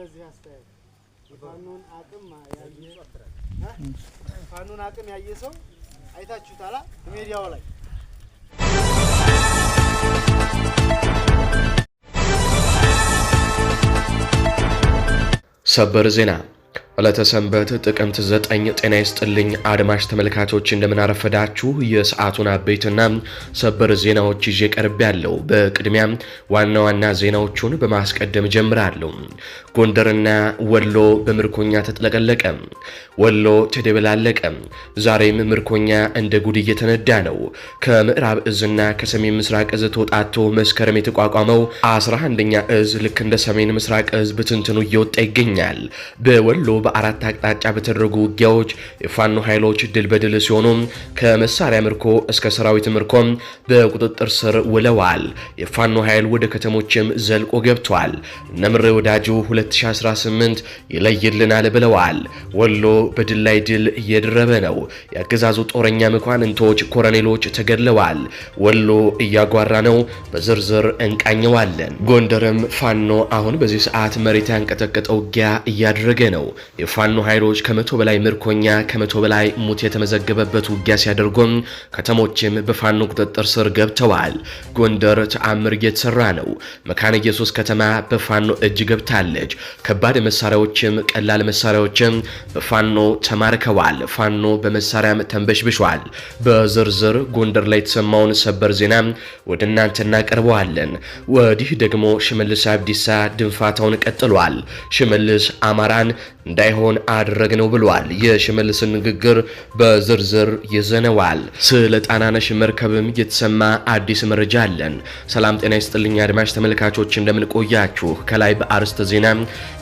ፋኑን አቅም ያየ ሰው አይታችሁታላ ሜዲያው ላይ ሰበር ዜና ዕለተ ሰንበት ጥቅምት 9 ጤና ይስጥልኝ አድማሽ ተመልካቾች፣ እንደምናረፈዳችሁ የሰዓቱን አበይትና ሰበር ዜናዎች ይዤ ቀርብ ያለው። በቅድሚያ ዋና ዋና ዜናዎቹን በማስቀደም ጀምራለሁ። ጎንደርና ወሎ በምርኮኛ ተጥለቀለቀ። ወሎ ተደበላለቀ። ዛሬም ምርኮኛ እንደ ጉድ እየተነዳ ነው። ከምዕራብ እዝና ከሰሜን ምስራቅ እዝ ተውጣቶ መስከረም የተቋቋመው 11ኛ እዝ ልክ እንደ ሰሜን ምስራቅ እዝ ብትንትኑ እየወጣ ይገኛል። በወሎ በአራት አቅጣጫ በተደረጉ ውጊያዎች የፋኖ ኃይሎች ድል በድል ሲሆኑ ከመሳሪያ ምርኮ እስከ ሰራዊት ምርኮ በቁጥጥር ስር ውለዋል። የፋኖ ኃይል ወደ ከተሞችም ዘልቆ ገብቷል። እነምሬ ወዳጁ 2018 ይለይልናል ብለዋል። ወሎ በድል ላይ ድል እየደረበ ነው። የአገዛዙ ጦረኛ መኳንንቶች፣ ኮረኔሎች ተገድለዋል። ወሎ እያጓራ ነው። በዝርዝር እንቃኘዋለን። ጎንደርም ፋኖ አሁን በዚህ ሰዓት መሬት ያንቀጠቀጠ ውጊያ እያደረገ ነው። የፋኖ ኃይሎች ከመቶ በላይ ምርኮኛ ከመቶ በላይ ሙት የተመዘገበበት ውጊያ ሲያደርጉም ከተሞችም በፋኖ ቁጥጥር ስር ገብተዋል። ጎንደር ተአምር እየተሰራ ነው። መካነ ኢየሱስ ከተማ በፋኖ እጅ ገብታለች። ከባድ መሳሪያዎችም ቀላል መሳሪያዎችም በፋኖ ተማርከዋል። ፋኖ በመሳሪያም ተንበሽብሿል። በዝርዝር ጎንደር ላይ የተሰማውን ሰበር ዜና ወደ እናንተ እናቀርበዋለን። ወዲህ ደግሞ ሽመልስ አብዲሳ ድንፋታውን ቀጥሏል። ሽመልስ አማራን እንዳ እንዳይሆን ነው ብሏል። የሽመልስን ንግግር በዝርዝር ይዘነዋል። ስለ ጣናነሽ መርከብም የተሰማ አዲስ መረጃ አለን። ሰላም ጤና ይስጥልኝ አድማጭ ተመልካቾች እንደምንቆያችሁ። ከላይ በአርስተ ዜና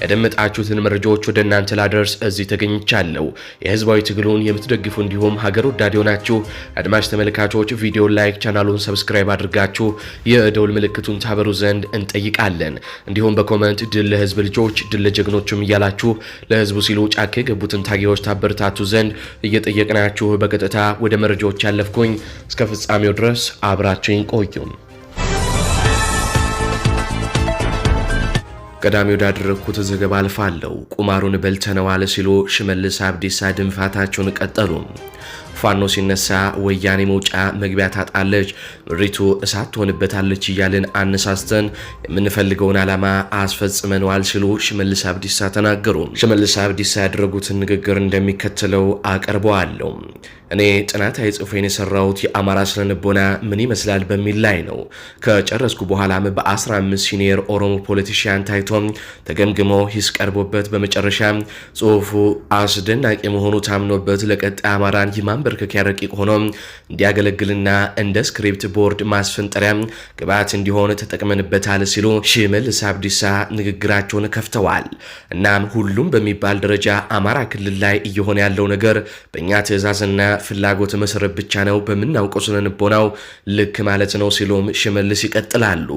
ያደመጣችሁትን መረጃዎች ወደ እናንተ ላደርስ እዚህ ተገኝቻለሁ። የህዝባዊ ትግሉን የምትደግፉ እንዲሁም ሀገር ወዳድ የሆናችሁ አድማጭ ተመልካቾች ቪዲዮ ላይክ፣ ቻናሉን ሰብስክራይብ አድርጋችሁ የደውል ምልክቱን ታበሩ ዘንድ እንጠይቃለን። እንዲሁም በኮመንት ድል ለህዝብ ልጆች፣ ድል ለጀግኖችም እያላችሁ ለህዝብ ለህዝቡ ሲሉ ጫካ የገቡትን ታጊዎች ታበረታቱ ዘንድ እየጠየቅናችሁ በቀጥታ ወደ መረጃዎች ያለፍኩኝ። እስከ ፍጻሜው ድረስ አብራችን ቆዩም። ቀዳሚ ወዳደረግኩት ዘገባ አልፋለሁ። ቁማሩን በልተነዋል ሲሉ ሽመልስ አብዲሳ ድንፋታቸውን ቀጠሉ። ፋኖ ሲነሳ ወያኔ መውጫ መግቢያ ታጣለች፣ ምድሪቱ እሳት ትሆንበታለች እያልን አነሳስተን የምንፈልገውን ዓላማ አስፈጽመነዋል ሲሉ ሽመልስ አብዲሳ ተናገሩ። ሽመልስ አብዲሳ ያደረጉትን ንግግር እንደሚከተለው አቀርበዋለሁ። እኔ ጥናታዊ ጽሑፌን የሰራሁት የአማራ ስነልቦና ምን ይመስላል በሚል ላይ ነው። ከጨረስኩ በኋላም በ15 ሲኒየር ኦሮሞ ፖለቲሽያን ታይቶም ተገምግሞ ሂስ ቀርቦበት በመጨረሻ ጽሑፉ አስደናቂ መሆኑ ታምኖበት ለቀጣይ አማራን ይማንበር ማንበርከኪያ ረቂቅ ሆኖ እንዲያገለግልና እንደ ስክሪፕት ቦርድ ማስፈንጠሪያ ግብዓት እንዲሆን ተጠቅመንበታል ሲሉ ሽመልስ አብዲሳ ንግግራቸውን ከፍተዋል። እናም ሁሉም በሚባል ደረጃ አማራ ክልል ላይ እየሆነ ያለው ነገር በእኛ ትዕዛዝና ፍላጎት መሰረት ብቻ ነው፣ በምናውቀው ስነንቦናው ልክ ማለት ነው ሲሉም ሽመልስ ይቀጥላሉ።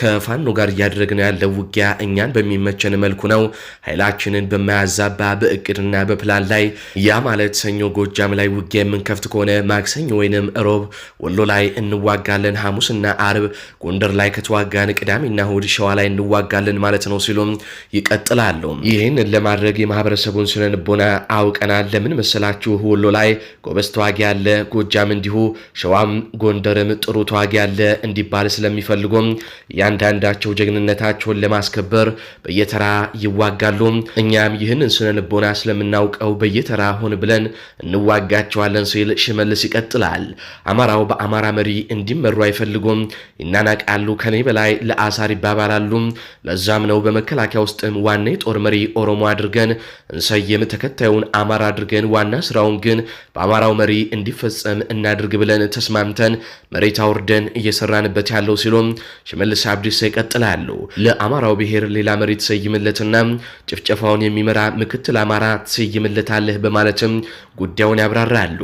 ከፋኖ ጋር እያደረግነው ያለው ውጊያ እኛን በሚመቸን መልኩ ነው፣ ኃይላችንን በማያዛባ በእቅድና በፕላን ላይ ያ ማለት ሰኞ ጎጃም ላይ ውጊያ የምንከፍት ከሆነ ማክሰኞ ወይንም ሮብ ወሎ ላይ እንዋጋለን፣ እና አርብ ጎንደር ላይ ከተዋጋን ቅዳሜና እሁድ ሸዋ ላይ እንዋጋለን ማለት ነው ሲሉም ይቀጥላሉ። ይህንን ለማድረግ የማህበረሰቡን ስነ ልቦና አውቀናል። ለምን መሰላችሁ? ወሎ ላይ ጎበዝ ተዋጊ ያለ፣ ጎጃም እንዲሁ፣ ሸዋም ጎንደርም ጥሩ ተዋጊ ያለ እንዲባል ስለሚፈልጉም እያንዳንዳቸው ጀግንነታቸውን ለማስከበር በየተራ ይዋጋሉ። እኛም ይህንን ስነ ልቦና ስለምናውቀው በየተራ ሆን ብለን እንዋጋቸዋለን ነን ሲል ሽመልስ ይቀጥላል። አማራው በአማራ መሪ እንዲመሩ አይፈልጉም፣ ይናናቃሉ፣ ከኔ በላይ ለአሳር ይባባላሉ። ለዛም ነው በመከላከያ ውስጥም ዋና የጦር መሪ ኦሮሞ አድርገን እንሰየም ተከታዩን አማራ አድርገን ዋና ስራውን ግን በአማራው መሪ እንዲፈጸም እናድርግ ብለን ተስማምተን መሬት አውርደን እየሰራንበት ያለው ሲሉም ሽመልስ አብዲሳ ይቀጥላሉ። ለአማራው ብሔር ሌላ መሪ ትሰይምለትና ጭፍጨፋውን የሚመራ ምክትል አማራ ትሰይምለታለህ በማለትም ጉዳዩን ያብራራሉ።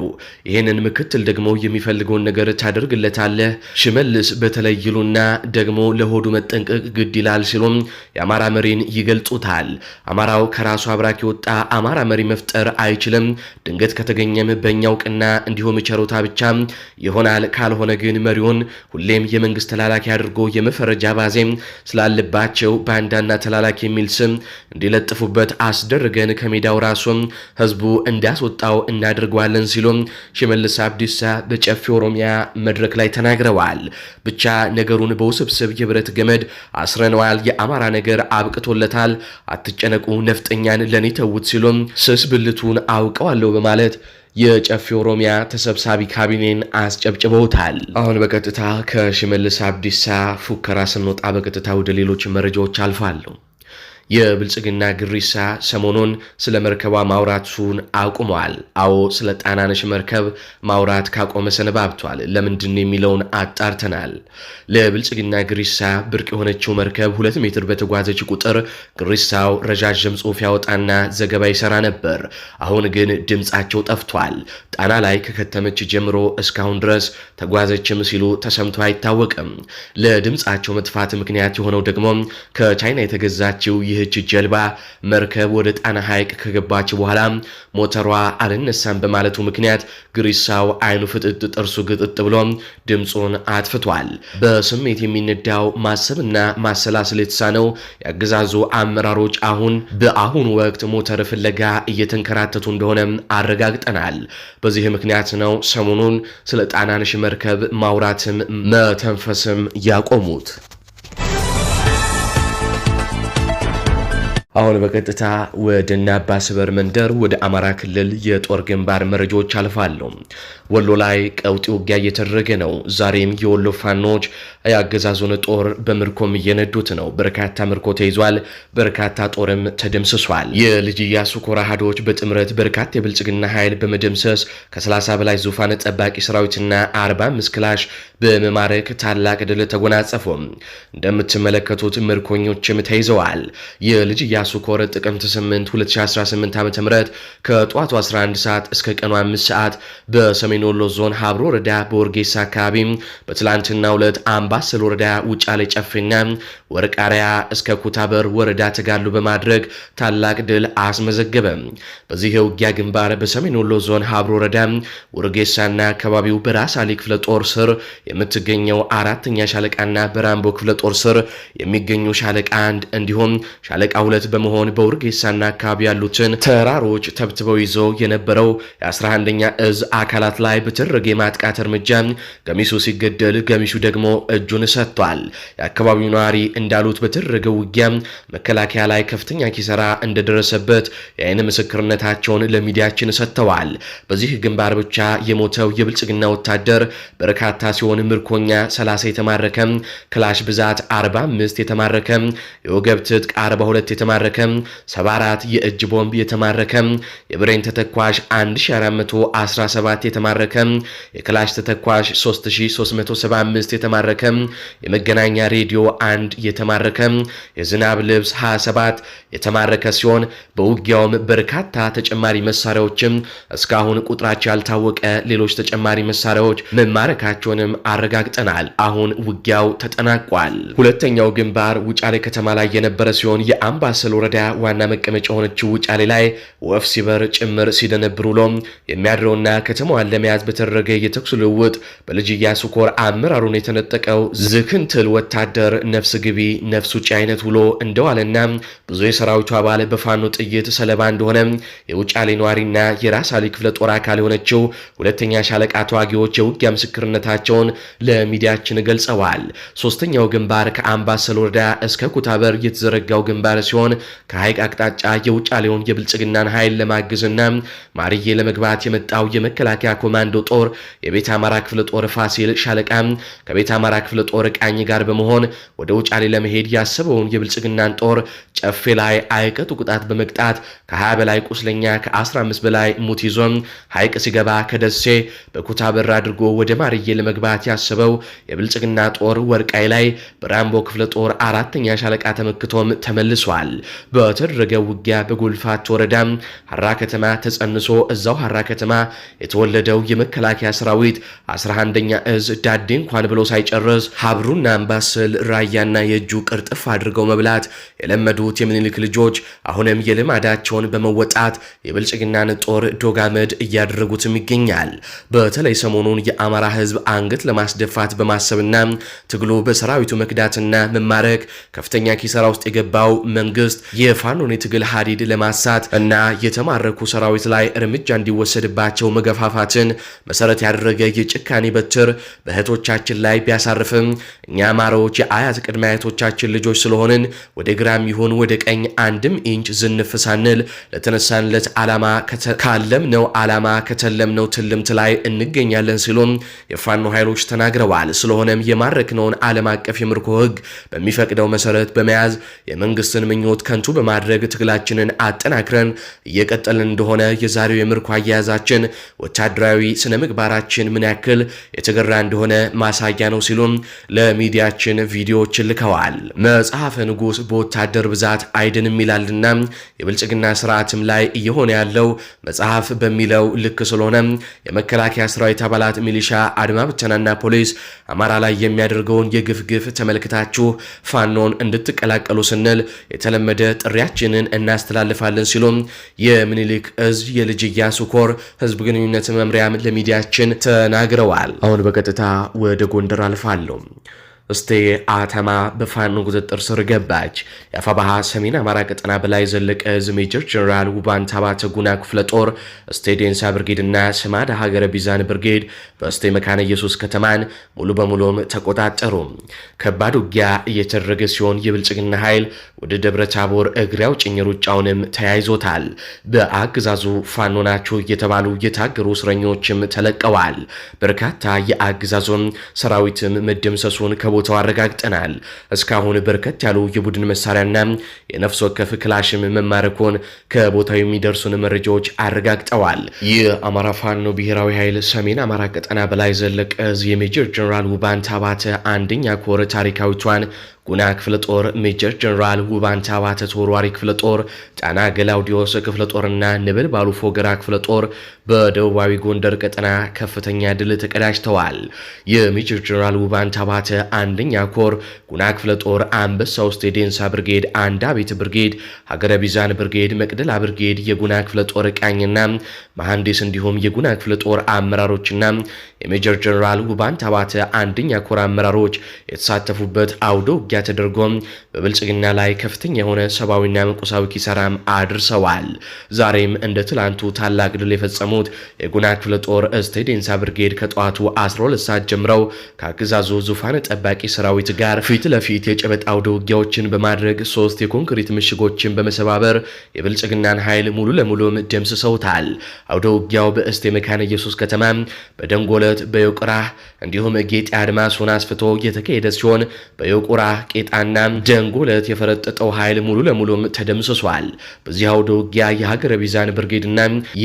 ይህንን ምክትል ደግሞ የሚፈልገውን ነገር ታደርግለታለህ፣ ሽመልስ በተለይ ይሉና ደግሞ ለሆዱ መጠንቀቅ ግድ ይላል ሲሉም የአማራ መሪን ይገልጹታል። አማራው ከራሱ አብራክ የወጣ አማራ መሪ መፍጠር አይችልም። ድንገት ከተገኘም በእኛ እውቅና እንዲሁም ቸሮታ ብቻ ይሆናል። ካልሆነ ግን መሪውን ሁሌም የመንግስት ተላላኪ አድርጎ የመፈረጃ ባዜም ስላለባቸው ባንዳና ተላላኪ የሚል ስም እንዲለጥፉበት አስደርገን ከሜዳው ራሱ ህዝቡ እንዳስወጣው እናደርገዋለን ሲሉ ሽመልስ አብዲሳ በጨፌ ኦሮሚያ መድረክ ላይ ተናግረዋል። ብቻ ነገሩን በውስብስብ የብረት ገመድ አስረነዋል። የአማራ ነገር አብቅቶለታል። አትጨነቁ፣ ነፍጠኛን ለኔ ተዉት ሲሉም ስስ ብልቱን አውቀዋለሁ በማለት የጨፌ ኦሮሚያ ተሰብሳቢ ካቢኔን አስጨብጭበውታል። አሁን በቀጥታ ከሽመልስ አብዲሳ ፉከራ ስንወጣ በቀጥታ ወደ ሌሎች መረጃዎች አልፋለሁ። የብልጽግና ግሪሳ ሰሞኑን ስለ መርከቧ ማውራቱን አቁሟል። አዎ ስለ ጣናነሽ መርከብ ማውራት ካቆመ ሰነባብቷል። ለምንድን የሚለውን አጣርተናል። ለብልጽግና ግሪሳ ብርቅ የሆነችው መርከብ ሁለት ሜትር በተጓዘች ቁጥር ግሪሳው ረዣዥም ጽሑፍ ያወጣና ዘገባ ይሰራ ነበር። አሁን ግን ድምፃቸው ጠፍቷል። ጣና ላይ ከከተመች ጀምሮ እስካሁን ድረስ ተጓዘችም ሲሉ ተሰምቶ አይታወቅም። ለድምፃቸው መጥፋት ምክንያት የሆነው ደግሞ ከቻይና የተገዛችው ይህች ጀልባ መርከብ ወደ ጣና ሐይቅ ከገባች በኋላ ሞተሯ አልነሳም በማለቱ ምክንያት ግሪሳው አይኑ ፍጥጥ ጥርሱ ግጥጥ ብሎ ድምፁን አጥፍቷል። በስሜት የሚነዳው ማሰብና ማሰላሰል የተሳነው የአገዛዙ አመራሮች አሁን በአሁኑ ወቅት ሞተር ፍለጋ እየተንከራተቱ እንደሆነ አረጋግጠናል። በዚህ ምክንያት ነው ሰሞኑን ስለ ጣናንሽ መርከብ ማውራትም መተንፈስም ያቆሙት። አሁን በቀጥታ ወደ ናባስበር መንደር ወደ አማራ ክልል የጦር ግንባር መረጃዎች አልፋሉ። ወሎ ላይ ቀውጢ ውጊያ እየተደረገ ነው። ዛሬም የወሎ ፋኖች የአገዛዙን ጦር በምርኮም እየነዱት ነው። በርካታ ምርኮ ተይዟል፣ በርካታ ጦርም ተደምስሷል። የልጅ ኢያሱ ኮር አሃዶች በጥምረት በርካታ የብልጽግና ኃይል በመደምሰስ ከ30 በላይ ዙፋን ጠባቂ ሰራዊትና 45 ክላሽ በመማረክ ታላቅ ድል ተጎናጸፉ። እንደምትመለከቱት ምርኮኞችም ተይዘዋል። የልጅ ኢያሱ ሱኮር ጥቅምት 8 2018 ዓ ም ከጠዋቱ 11 ሰዓት እስከ ቀኑ 5 ሰዓት በሰሜን ወሎ ዞን ሀብሮ ወረዳ በወርጌሳ አካባቢ በትላንትና ሁለት አምባሰል ወረዳ ውጫሌ ጨፌና ወርቃሪያ እስከ ኩታበር ወረዳ ተጋድሎ በማድረግ ታላቅ ድል አስመዘገበ። በዚህ የውጊያ ግንባር በሰሜን ወሎ ዞን ሀብሮ ወረዳ ወርጌሳና አካባቢው በራስ አሊ ክፍለ ጦር ስር የምትገኘው አራተኛ ሻለቃና በራምቦ ክፍለ ጦር ስር የሚገኙ ሻለቃ አንድ እንዲሁም ሻለቃ ሁለት በመሆን በውርጌሳና አካባቢ ያሉትን ተራሮች ተብትበው ይዞ የነበረው የ11ኛ እዝ አካላት ላይ በተደረገ የማጥቃት እርምጃ ገሚሱ ሲገደል፣ ገሚሹ ደግሞ እጁን ሰጥቷል። የአካባቢው ነዋሪ እንዳሉት በተደረገ ውጊያ መከላከያ ላይ ከፍተኛ ኪሰራ እንደደረሰበት የአይን ምስክርነታቸውን ለሚዲያችን ሰጥተዋል። በዚህ ግንባር ብቻ የሞተው የብልጽግና ወታደር በርካታ ሲሆን ምርኮኛ 30 የተማረከ ክላሽ ብዛት 45 የተማረከ የወገብ ትጥቅ 42 የተማረ የተማረከ 74 የእጅ ቦምብ የተማረከ የብሬን ተተኳሽ 1417 የተማረከ የክላሽ ተተኳሽ 3375 የተማረከ የመገናኛ ሬዲዮ 1 የተማረከ የዝናብ ልብስ 27 የተማረከ ሲሆን በውጊያውም በርካታ ተጨማሪ መሳሪያዎችም እስካሁን ቁጥራቸው ያልታወቀ ሌሎች ተጨማሪ መሳሪያዎች መማረካቸውንም አረጋግጠናል። አሁን ውጊያው ተጠናቋል። ሁለተኛው ግንባር ውጫሌ ከተማ ላይ የነበረ ሲሆን የአምባሰ አምባሰል ወረዳ ዋና መቀመጫ የሆነችው ውጫሌ ላይ ወፍ ሲበር ጭምር ሲደነብር ውሎ የሚያድረውና ከተማዋን ለመያዝ በተደረገ የተኩስ ልውውጥ በልጅ እያሱ ኮር አመራሩን የተነጠቀው ዝክንትል ወታደር ነፍስ ግቢ ነፍስ ውጭ አይነት ውሎ እንደዋለና ብዙ የሰራዊቱ አባል በፋኖ ጥይት ሰለባ እንደሆነ የውጫሌ ነዋሪና የራሳሊ ክፍለ ጦር አካል የሆነችው ሁለተኛ ሻለቃ ተዋጊዎች የውጊያ ምስክርነታቸውን ለሚዲያችን ገልጸዋል። ሶስተኛው ግንባር ከአምባሰል ወረዳ እስከ ኩታበር የተዘረጋው ግንባር ሲሆን ከሀይቅ አቅጣጫ የውጫሌውን የብልጽግናን ኃይል ለማገዝና ማርዬ ለመግባት የመጣው የመከላከያ ኮማንዶ ጦር የቤት አማራ ክፍለ ጦር ፋሲል ሻለቃ ከቤት አማራ ክፍለ ጦር ቃኝ ጋር በመሆን ወደ ውጫሌ ለመሄድ ያሰበውን የብልጽግናን ጦር ጨፌ ላይ አይቀጡ ቁጣት በመቅጣት ከ20 በላይ ቁስለኛ ከ15 በላይ ሙት ይዞ ሀይቅ ሲገባ ከደሴ በኩታ በር አድርጎ ወደ ማርዬ ለመግባት ያሰበው የብልጽግና ጦር ወርቃይ ላይ በራምቦ ክፍለ ጦር አራተኛ ሻለቃ ተመክቶም ተመልሷል። በተደረገ ውጊያ በጎልፋት ወረዳ ሀራ ከተማ ተጸንሶ እዛው ሀራ ከተማ የተወለደው የመከላከያ ሰራዊት 11ኛ እዝ ዳዴ እንኳን ብሎ ሳይጨርስ ሀብሩና አምባስል ራያና የእጁ ቅርጥፍ አድርገው መብላት የለመዱት የምኒልክ ልጆች አሁንም የልማዳቸውን በመወጣት የብልጽግናን ጦር ዶጋመድ እያደረጉትም ይገኛል። በተለይ ሰሞኑን የአማራ ህዝብ አንገት ለማስደፋት በማሰብና ትግሉ በሰራዊቱ መክዳትና መማረክ ከፍተኛ ኪሳራ ውስጥ የገባው መንግስት መንግስት የፋኖን የትግል ሀዲድ ለማሳት እና የተማረኩ ሰራዊት ላይ እርምጃ እንዲወሰድባቸው መገፋፋትን መሰረት ያደረገ የጭካኔ በትር በእህቶቻችን ላይ ቢያሳርፍም እኛ አማራዎች የአያት ቅድመ አያቶቻችን ልጆች ስለሆንን ወደ ግራም ይሁን ወደ ቀኝ አንድም ኢንች ዝንፍ ሳንል ለተነሳንለት ዓላማ ካለምነው ዓላማ ከተለምነው ትልምት ላይ እንገኛለን ሲሉም የፋኖ ኃይሎች ተናግረዋል። ስለሆነም የማረክነውን ዓለም አቀፍ የምርኮ ህግ በሚፈቅደው መሰረት በመያዝ የመንግስትን ምኞት ከንቱ በማድረግ ትግላችንን አጠናክረን እየቀጠልን እንደሆነ የዛሬው የምርኮ አያያዛችን ወታደራዊ ስነ ምግባራችን ምን ያክል የተገራ እንደሆነ ማሳያ ነው ሲሉም ለሚዲያችን ቪዲዮዎች ልከዋል። መጽሐፈ ንጉስ በወታደር ብዛት አይድንም ይላልና የብልጽግና ስርዓትም ላይ እየሆነ ያለው መጽሐፍ በሚለው ልክ ስለሆነ የመከላከያ ሰራዊት አባላት፣ ሚሊሻ፣ አድማ ብተናና ፖሊስ አማራ ላይ የሚያደርገውን የግፍ ግፍ ተመልክታችሁ ፋኖን እንድትቀላቀሉ ስንል የተለመደ ወደ ጥሪያችንን እናስተላልፋለን ሲሉም የምኒልክ እዝ የልጅ ኢያሱ ኮር ህዝብ ግንኙነት መምሪያም ለሚዲያችን ተናግረዋል። አሁን በቀጥታ ወደ ጎንደር አልፋለሁ። እስቴ አተማ በፋኖ ቁጥጥር ስር ገባች። የአፋባሃ ሰሜን አማራ ቀጠና በላይ ዘለቀ ዕዝ ሜጀር ጀኔራል ውባንታ ባተ ጉና ክፍለ ጦር እስቴ ዴንሳ ብርጌድና ስማዳ ሀገረ ቢዛን ብርጌድ በእስቴ መካነ ኢየሱስ ከተማን ሙሉ በሙሉም ተቆጣጠሩ። ከባድ ውጊያ እየተደረገ ሲሆን የብልጽግና ኃይል ወደ ደብረ ታቦር እግሪያው አውጭኝ ሩጫውንም ተያይዞታል። በአገዛዙ ፋኖ ናቸው እየተባሉ የታገሩ እስረኞችም ተለቀዋል። በርካታ የአገዛዙን ሰራዊትም መደምሰሱን ከቦ ቦታው አረጋግጠናል። እስካሁን በርከት ያሉ የቡድን መሳሪያና የነፍስ ወከፍ ክላሽም መማረኩን ከቦታው የሚደርሱን መረጃዎች አረጋግጠዋል። የአማራ ፋኖ ብሔራዊ ኃይል ሰሜን አማራ ቀጠና በላይ ዘለቀ የሜጀር ጀኔራል ውባን ታባተ አንደኛ ኮር ታሪካዊቷን ጉና ክፍለ ጦር ሜጀር ጀኔራል ውባንታ ባተ ተወርዋሪ ክፍለ ጦር፣ ጣና ገላውዲዮስ ክፍለ ጦርና ነበልባሉ ፎገራ ክፍለ ጦር በደቡባዊ ጎንደር ቀጠና ከፍተኛ ድል ተቀዳጅተዋል። የሜጀር ጀኔራል ውባንታ ባተ አንደኛ ኮር ጉና ክፍለ ጦር አንበሳ ውስጥ የዴንሳ ብርጌድ፣ አንዳ ቤት ብርጌድ፣ ሀገረ ቢዛን ብርጌድ፣ መቅደላ ብርጌድ፣ የጉና ክፍለ ጦር ቃኝና መሐንዲስ እንዲሁም የጉና ክፍለ ጦር አመራሮችና የሜጀር ጀኔራል ውባንታ ባተ አንደኛ ኮር አመራሮች የተሳተፉበት አውደ ውጊያ ውጊያ ተደርጎ በብልጽግና ላይ ከፍተኛ የሆነ ሰብአዊና ቁሳዊ ኪሳራም አድርሰዋል። ዛሬም እንደ ትላንቱ ታላቅ ድል የፈጸሙት የጉና ክፍለ ጦር እስቴ ዴንሳ ብርጌድ ከጠዋቱ 12 ሰዓት ጀምረው ከአገዛዙ ዙፋን ጠባቂ ሰራዊት ጋር ፊት ለፊት የጨበጣ አውደ ውጊያዎችን በማድረግ ሶስት የኮንክሪት ምሽጎችን በመሰባበር የብልጽግናን ኃይል ሙሉ ለሙሉም ደምስሰውታል። አውደ ውጊያው በእስቴ መካነ ኢየሱስ ከተማ፣ በደንጎለት፣ በዮቁራ እንዲሁም ጌጤ አድማሱን አስፍቶ የተካሄደ ሲሆን በዮቁራ ቄጣና ደንጎለት የፈረጠጠው ኃይል ሙሉ ለሙሉም ተደምስሷል። በዚህ አውደ ውጊያ የሀገረ ቢዛን ብርጌድና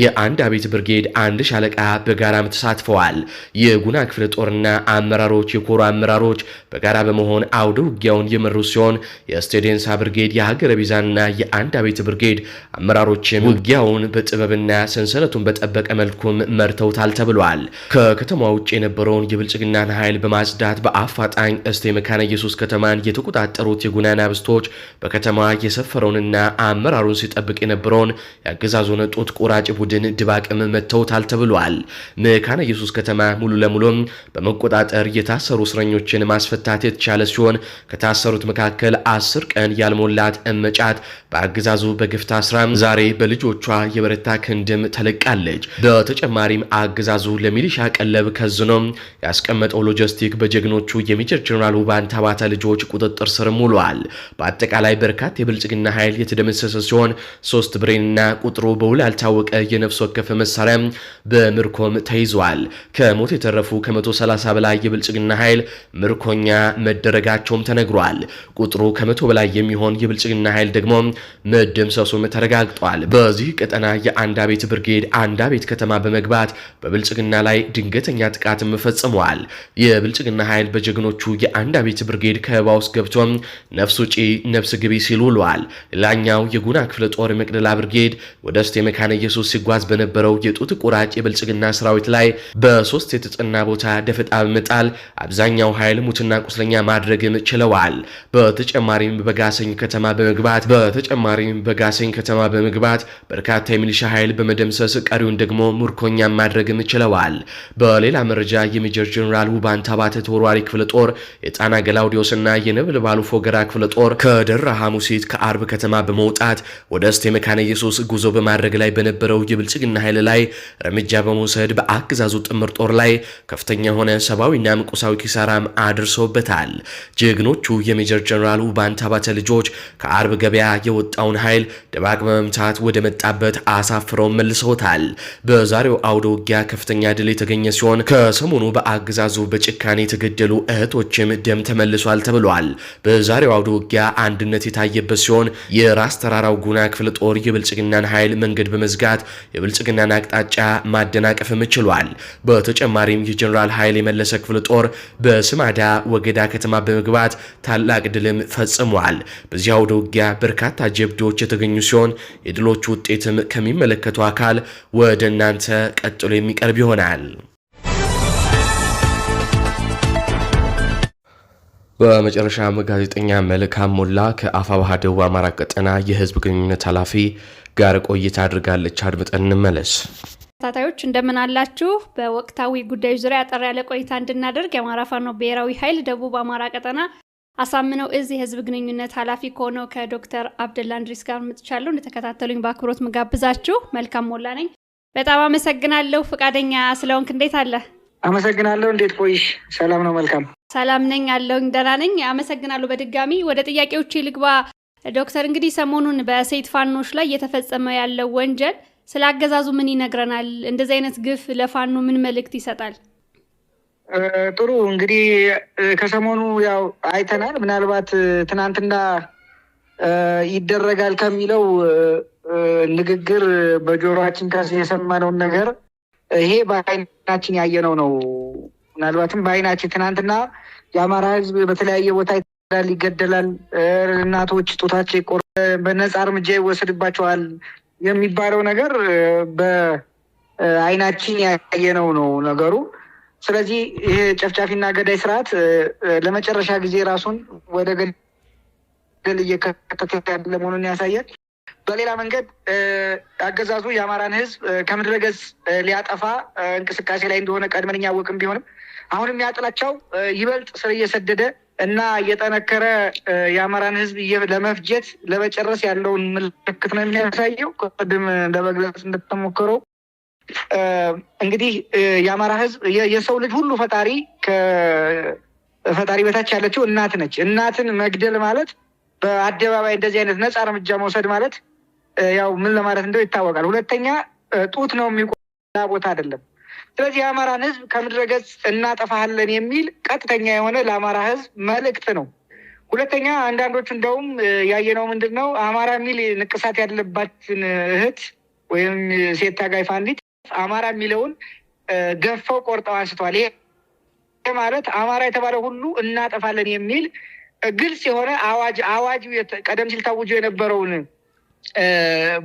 የአንድ አቤት ብርጌድ አንድ ሻለቃ በጋራም ተሳትፈዋል። የጉና ክፍለ ጦርና አመራሮች፣ የኮሮ አመራሮች በጋራ በመሆን አውደ ውጊያውን የመሩ ሲሆን የስቴዴንሳ ብርጌድ፣ የሀገረ ቢዛንና የአንድ አቤት ብርጌድ አመራሮችም ውጊያውን በጥበብና ሰንሰለቱን በጠበቀ መልኩም መርተውታል ተብሏል። ከከተማ ውጭ የነበረውን የብልጽግናን ኃይል በማጽዳት በአፋጣኝ እስቴ መካነ ኢየሱስ ከተማን የተቆጣጠሩት የጉናና ብስቶች በከተማዋ የሰፈረውንና አመራሩን ሲጠብቅ የነበረውን የአገዛዙን ጡት ቆራጭ ቡድን ድባቅም መተውታል ተብሏል። መካነ ኢየሱስ ከተማ ሙሉ ለሙሉ በመቆጣጠር የታሰሩ እስረኞችን ማስፈታት የተቻለ ሲሆን ከታሰሩት መካከል አስር ቀን ያልሞላት እመጫት በአገዛዙ በግፍ ታስራ ዛሬ በልጆቿ የበረታ ክንድም ተለቃለች። በተጨማሪም አገዛዙ ለሚሊሻ ቀለብ ከዝኖ ያስቀመጠው ሎጂስቲክ በጀግኖቹ የሜጀር ጀኔራል ውባን ተባተ ልጆች ቁጥጥር ስር ውሏል። በአጠቃላይ በርካታ የብልጽግና ኃይል የተደመሰሰ ሲሆን ሶስት ብሬንና ቁጥሩ በውል ያልታወቀ የነፍስ ወከፍ መሳሪያ በምርኮም ተይዟል። ከሞት የተረፉ ከ130 በላይ የብልጽግና ኃይል ምርኮኛ መደረጋቸውም ተነግሯል። ቁጥሩ ከመቶ በላይ የሚሆን የብልጽግና ኃይል ደግሞ መደምሰሱም ተረጋግጧል። በዚህ ቀጠና የአንድ አቤት ብርጌድ አንድ አቤት ከተማ በመግባት በብልጽግና ላይ ድንገተኛ ጥቃትም ፈጽሟል። የብልጽግና ኃይል በጀግኖቹ የአንድ አቤት ብርጌድ ከበባ ውስጥ ውስጥ ገብቶም ነፍስ ውጪ ነፍስ ግቢ ሲሉ ውለዋል። ሌላኛው የጉና ክፍለ ጦር መቅደላ ብርጌድ ወደ እስቴ መካነ ኢየሱስ ሲጓዝ በነበረው የጡት ቁራጭ የብልጽግና ሰራዊት ላይ በሶስት የተጽና ቦታ ደፈጣ በመጣል አብዛኛው ኃይል ሙትና ቁስለኛ ማድረግም ችለዋል። በተጨማሪም በጋሰኝ ከተማ በመግባት በተጨማሪም በጋሰኝ ከተማ በመግባት በርካታ የሚሊሻ ኃይል በመደምሰስ ቀሪውን ደግሞ ምርኮኛ ማድረግም ችለዋል። በሌላ መረጃ የሜጀር ጀኔራል ውባንታ ባተ ተወርዋሪ ክፍለ ጦር የጣና ገላውዲዮስና የንብ ልባሉ ፎገራ ክፍለ ጦር ከደራ ሐሙሲት ከአርብ ከተማ በመውጣት ወደ እስቴ መካነ ኢየሱስ ጉዞ በማድረግ ላይ በነበረው የብልጽግና ኃይል ላይ እርምጃ በመውሰድ በአገዛዙ ጥምር ጦር ላይ ከፍተኛ የሆነ ሰብአዊና ምቁሳዊ ኪሳራም አድርሶበታል። ጀግኖቹ የሜጀር ጀኔራሉ ውባንታ ባተ ልጆች ከአርብ ገበያ የወጣውን ኃይል ደባቅ በመምታት ወደ መጣበት አሳፍረው መልሰውታል። በዛሬው አውደ ውጊያ ከፍተኛ ድል የተገኘ ሲሆን ከሰሞኑ በአገዛዙ በጭካኔ የተገደሉ እህቶችም ደም ተመልሷል ተብሏል። ተገኝተዋል። በዛሬው አውደ ውጊያ አንድነት የታየበት ሲሆን የራስ ተራራው ጉና ክፍለ ጦር የብልጽግናን ኃይል መንገድ በመዝጋት የብልጽግናን አቅጣጫ ማደናቀፍም ችሏል። በተጨማሪም የጀኔራል ኃይል የመለሰ ክፍለ ጦር በስማዳ ወገዳ ከተማ በመግባት ታላቅ ድልም ፈጽሟል። በዚህ አውደ ውጊያ በርካታ ጀብዶዎች የተገኙ ሲሆን የድሎቹ ውጤትም ከሚመለከቱ አካል ወደ እናንተ ቀጥሎ የሚቀርብ ይሆናል። በመጨረሻም ጋዜጠኛ መልካም ሞላ ከአፋባሃ ደቡብ አማራ ቀጠና የህዝብ ግንኙነት ኃላፊ ጋር ቆይታ አድርጋለች። አድምጠን እንመለስ። ተከታታዮች እንደምን አላችሁ? በወቅታዊ ጉዳዮች ዙሪያ አጠር ያለ ቆይታ እንድናደርግ የአማራ ፋኖ ብሔራዊ ኃይል ደቡብ አማራ ቀጠና አሳምነው እዚህ የህዝብ ግንኙነት ኃላፊ ከሆነው ከዶክተር አብደላ እንድሪስ ጋር ምጥቻለሁ። እንደተከታተሉኝ በአክብሮት ምጋብዛችሁ መልካም ሞላ ነኝ። በጣም አመሰግናለሁ። ፈቃደኛ ስለሆንክ እንዴት አለ አመሰግናለሁ። እንዴት ቆይሽ? ሰላም ነው? መልካም ሰላም ነኝ አለሁኝ፣ ደህና ነኝ። አመሰግናለሁ። በድጋሚ ወደ ጥያቄዎች ልግባ። ዶክተር እንግዲህ ሰሞኑን በሴት ፋኖች ላይ እየተፈጸመ ያለው ወንጀል ስለ አገዛዙ ምን ይነግረናል? እንደዚህ አይነት ግፍ ለፋኖ ምን መልእክት ይሰጣል? ጥሩ እንግዲህ ከሰሞኑ ያው አይተናል። ምናልባት ትናንትና ይደረጋል ከሚለው ንግግር በጆሮችን ከስ የሰማነውን ነገር ይሄ በአይናችን ያየነው ነው። ምናልባትም በአይናችን ትናንትና የአማራ ህዝብ በተለያየ ቦታ ይገደላል፣ ይገደላል፣ እናቶች ጡታቸው ይቆ በነፃ እርምጃ ይወሰድባቸዋል የሚባለው ነገር በአይናችን ያየነው ነው ነገሩ። ስለዚህ ይህ ጨፍጫፊና ገዳይ ስርዓት ለመጨረሻ ጊዜ ራሱን ወደ ገደል እየከተተ ያለ መሆኑን ያሳያል። በሌላ መንገድ አገዛዙ የአማራን ህዝብ ከምድረ ገጽ ሊያጠፋ እንቅስቃሴ ላይ እንደሆነ ቀድመን አወቅም ቢሆንም አሁንም ያጥላቸው ይበልጥ ስር እየሰደደ እና እየጠነከረ የአማራን ህዝብ ለመፍጀት ለመጨረስ ያለውን ምልክት ነው የሚያሳየው። ቅድም ለመግለጽ እንደተሞከረው እንግዲህ የአማራ ህዝብ የሰው ልጅ ሁሉ ፈጣሪ ፈጣሪ በታች ያለችው እናት ነች። እናትን መግደል ማለት በአደባባይ እንደዚህ አይነት ነፃ እርምጃ መውሰድ ማለት ያው ምን ለማለት እንደው ይታወቃል። ሁለተኛ ጡት ነው የሚቆላ ቦታ አይደለም። ስለዚህ የአማራን ህዝብ ከምድረ ገጽ እናጠፋሃለን የሚል ቀጥተኛ የሆነ ለአማራ ህዝብ መልእክት ነው። ሁለተኛ አንዳንዶቹ እንደውም ያየነው ምንድን ነው አማራ የሚል ንቅሳት ያለባትን እህት ወይም ሴት ታጋይ ፋኒት አማራ የሚለውን ገፈው ቆርጠው አንስተዋል። ይሄ ማለት አማራ የተባለ ሁሉ እናጠፋለን የሚል ግልጽ የሆነ አዋጅ አዋጅ ቀደም ሲል ታውጆ የነበረውን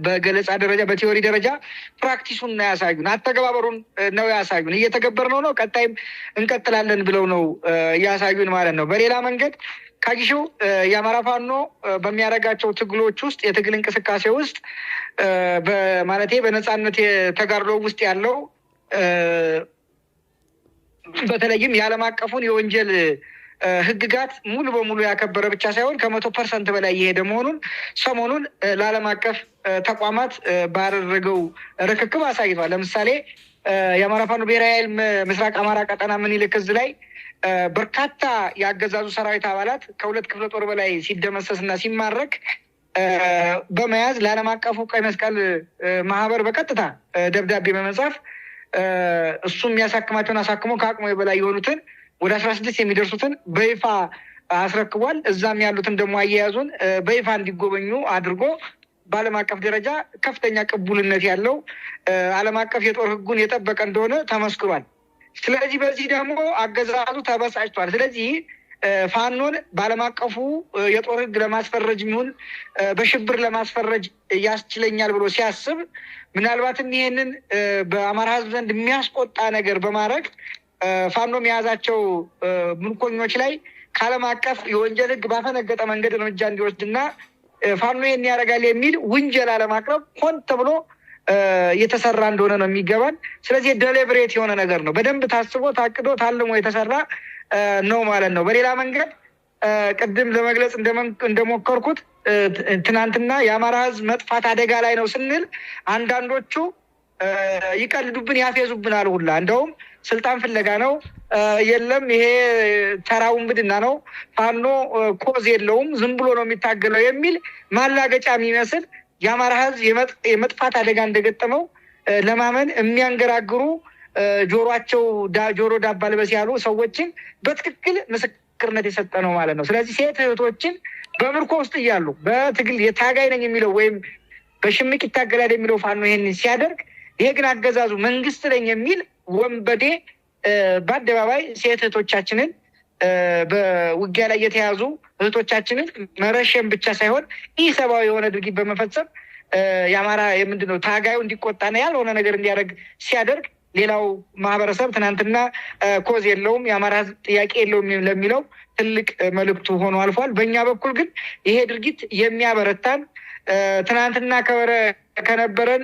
በገለጻ ደረጃ በቲዎሪ ደረጃ ፕራክቲሱን ነው ያሳዩን፣ አተገባበሩን ነው ያሳዩን። እየተገበር ነው ነው ቀጣይም እንቀጥላለን ብለው ነው እያሳዩን ማለት ነው። በሌላ መንገድ ካጊሾ የአማራ ፋኖ በሚያደርጋቸው ትግሎች ውስጥ የትግል እንቅስቃሴ ውስጥ ማለቴ በነፃነት የተጋድሎ ውስጥ ያለው በተለይም የዓለም አቀፉን የወንጀል ህግጋት ሙሉ በሙሉ ያከበረ ብቻ ሳይሆን ከመቶ ፐርሰንት በላይ የሄደ መሆኑን ሰሞኑን ለዓለም አቀፍ ተቋማት ባደረገው ርክክብ አሳይቷል። ለምሳሌ የአማራ ፋኖ ብሔራዊ ኃይል ምስራቅ አማራ ቀጠና ይልክ ዕዝ ላይ በርካታ የአገዛዙ ሰራዊት አባላት ከሁለት ክፍለ ጦር በላይ ሲደመሰስ እና ሲማረክ በመያዝ ለዓለም አቀፉ ቀይ መስቀል ማህበር በቀጥታ ደብዳቤ በመጻፍ እሱ የሚያሳክማቸውን አሳክሞ ከአቅሞ በላይ የሆኑትን ወደ አስራ ስድስት የሚደርሱትን በይፋ አስረክቧል። እዛም ያሉትን ደግሞ አያያዙን በይፋ እንዲጎበኙ አድርጎ በዓለም አቀፍ ደረጃ ከፍተኛ ቅቡልነት ያለው ዓለም አቀፍ የጦር ሕጉን የጠበቀ እንደሆነ ተመስክሯል። ስለዚህ በዚህ ደግሞ አገዛዙ ተበሳጭቷል። ስለዚህ ፋኖን በዓለም አቀፉ የጦር ሕግ ለማስፈረጅ የሚሆን በሽብር ለማስፈረጅ ያስችለኛል ብሎ ሲያስብ ምናልባትም ይሄንን በአማራ ሕዝብ ዘንድ የሚያስቆጣ ነገር በማድረግ ፋኖ የያዛቸው ምርኮኞች ላይ ከዓለም አቀፍ የወንጀል ህግ ባፈነገጠ መንገድ እርምጃ እንዲወስድና ፋኖ ይህን ያደርጋል የሚል ውንጀላ ለማቅረብ ሆን ተብሎ የተሰራ እንደሆነ ነው የሚገባን። ስለዚህ ደሌብሬት የሆነ ነገር ነው። በደንብ ታስቦ ታቅዶ ታልሞ የተሰራ ነው ማለት ነው። በሌላ መንገድ ቅድም ለመግለጽ እንደሞከርኩት ትናንትና የአማራ ህዝብ መጥፋት አደጋ ላይ ነው ስንል አንዳንዶቹ ይቀልዱብን ያፌዙብን ሁላ እንደውም ስልጣን ፍለጋ ነው። የለም ይሄ ተራው ውንብድና ነው፣ ፋኖ ኮዝ የለውም፣ ዝም ብሎ ነው የሚታገለው የሚል ማላገጫ የሚመስል የአማራ ህዝብ የመጥፋት አደጋ እንደገጠመው ለማመን የሚያንገራግሩ ጆሮቸው ጆሮ ዳባ ልበስ ያሉ ሰዎችን በትክክል ምስክርነት የሰጠ ነው ማለት ነው። ስለዚህ ሴት እህቶችን በምርኮ ውስጥ እያሉ በትግል የታጋይ ነኝ የሚለው ወይም በሽምቅ ይታገላል የሚለው ፋኖ ይህን ሲያደርግ፣ ይሄ ግን አገዛዙ መንግስት ነኝ የሚል ወንበዴ በአደባባይ ሴት እህቶቻችንን በውጊያ ላይ የተያዙ እህቶቻችንን መረሸን ብቻ ሳይሆን ይህ ሰብአዊ የሆነ ድርጊት በመፈጸም የአማራ የምንድነው ታጋዩ እንዲቆጣና ያልሆነ ነገር እንዲያደርግ ሲያደርግ ሌላው ማህበረሰብ ትናንትና ኮዝ የለውም የአማራ ጥያቄ የለውም ለሚለው ትልቅ መልእክቱ ሆኖ አልፏል። በእኛ በኩል ግን ይሄ ድርጊት የሚያበረታን ትናንትና ከነበረን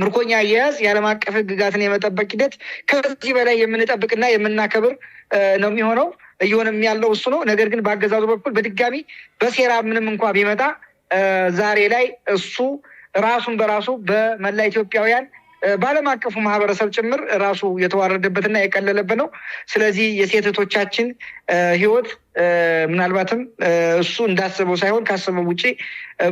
ምርኮኛ አያያዝ የዓለም አቀፍ ህግጋትን የመጠበቅ ሂደት ከዚህ በላይ የምንጠብቅና የምናከብር ነው የሚሆነው። እየሆነም ያለው እሱ ነው። ነገር ግን በአገዛዙ በኩል በድጋሚ በሴራ ምንም እንኳ ቢመጣ ዛሬ ላይ እሱ ራሱን በራሱ በመላ ኢትዮጵያውያን በአለም አቀፉ ማህበረሰብ ጭምር ራሱ የተዋረደበትና የቀለለበት ነው። ስለዚህ የሴትቶቻችን ህይወት ምናልባትም እሱ እንዳሰበው ሳይሆን ካሰበው ውጭ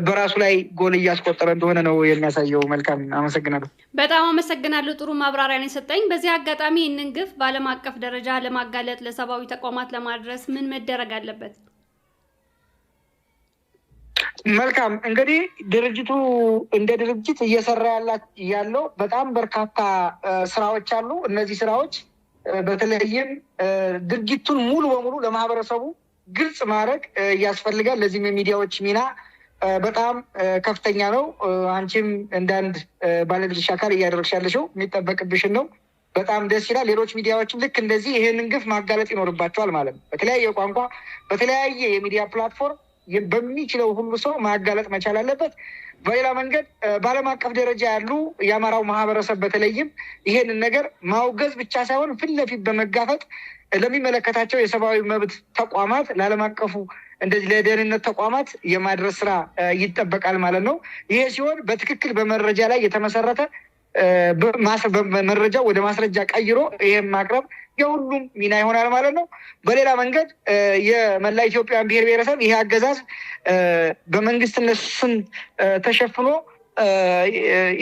በራሱ ላይ ጎል እያስቆጠረ እንደሆነ ነው የሚያሳየው። መልካም አመሰግናለሁ። በጣም አመሰግናለሁ። ጥሩ ማብራሪያ ነው የሰጠኝ። በዚህ አጋጣሚ ይህንን ግፍ በዓለም አቀፍ ደረጃ ለማጋለጥ ለሰብአዊ ተቋማት ለማድረስ ምን መደረግ አለበት? መልካም እንግዲህ ድርጅቱ እንደ ድርጅት እየሰራ ያለው በጣም በርካታ ስራዎች አሉ። እነዚህ ስራዎች በተለይም ድርጊቱን ሙሉ በሙሉ ለማህበረሰቡ ግልጽ ማድረግ ያስፈልጋል። ለዚህም የሚዲያዎች ሚና በጣም ከፍተኛ ነው። አንቺም እንዳንድ ባለድርሻ አካል እያደረግሽ ያለሽው የሚጠበቅብሽን ነው። በጣም ደስ ይላል። ሌሎች ሚዲያዎችም ልክ እንደዚህ ይህንን ግፍ ማጋለጥ ይኖርባቸዋል ማለት ነው። በተለያየ ቋንቋ፣ በተለያየ የሚዲያ ፕላትፎርም በሚችለው ሁሉ ሰው ማጋለጥ መቻል አለበት። በሌላ መንገድ በዓለም አቀፍ ደረጃ ያሉ የአማራው ማህበረሰብ በተለይም ይሄንን ነገር ማውገዝ ብቻ ሳይሆን ፊት ለፊት በመጋፈጥ ለሚመለከታቸው የሰብአዊ መብት ተቋማት ለዓለም አቀፉ እንደዚህ ለደህንነት ተቋማት የማድረስ ስራ ይጠበቃል ማለት ነው። ይሄ ሲሆን በትክክል በመረጃ ላይ የተመሰረተ መረጃ ወደ ማስረጃ ቀይሮ ይህም ማቅረብ የሁሉም ሚና ይሆናል ማለት ነው። በሌላ መንገድ የመላ ኢትዮጵያ ብሔር ብሔረሰብ ይሄ አገዛዝ በመንግስትነት ስም ተሸፍኖ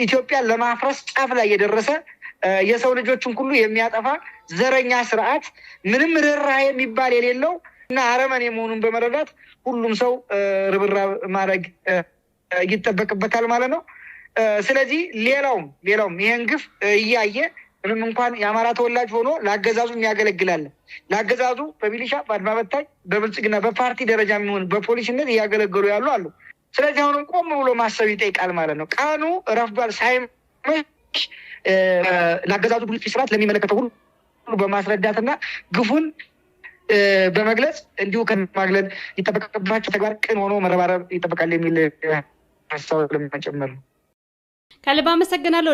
ኢትዮጵያን ለማፍረስ ጫፍ ላይ የደረሰ የሰው ልጆችን ሁሉ የሚያጠፋ ዘረኛ ስርዓት ምንም ርራ የሚባል የሌለው እና አረመኔ መሆኑን በመረዳት ሁሉም ሰው ርብራብ ማድረግ ይጠበቅበታል ማለት ነው። ስለዚህ ሌላውም ሌላውም ይህን ግፍ እያየ ምንም እንኳን የአማራ ተወላጅ ሆኖ ለአገዛዙ ያገለግላለን። ለአገዛዙ በሚሊሻ በአድማ በታኝ በብልጽግና በፓርቲ ደረጃ የሚሆን በፖሊስነት እያገለገሉ ያሉ አሉ። ስለዚህ አሁንም ቆም ብሎ ማሰብ ይጠይቃል ማለት ነው። ቀኑ ረፍዷል። ሳይመሽ ለአገዛዙ ቡድን ስርዓት ለሚመለከተው ሁሉ በማስረዳትና ግፉን በመግለጽ እንዲሁ ከማግለል ይጠበቅባቸው ተግባር ቅን ሆኖ መረባረብ ይጠበቃል የሚል ሀሳብ ለመጨመር ነው። ከልብ አመሰግናለሁ።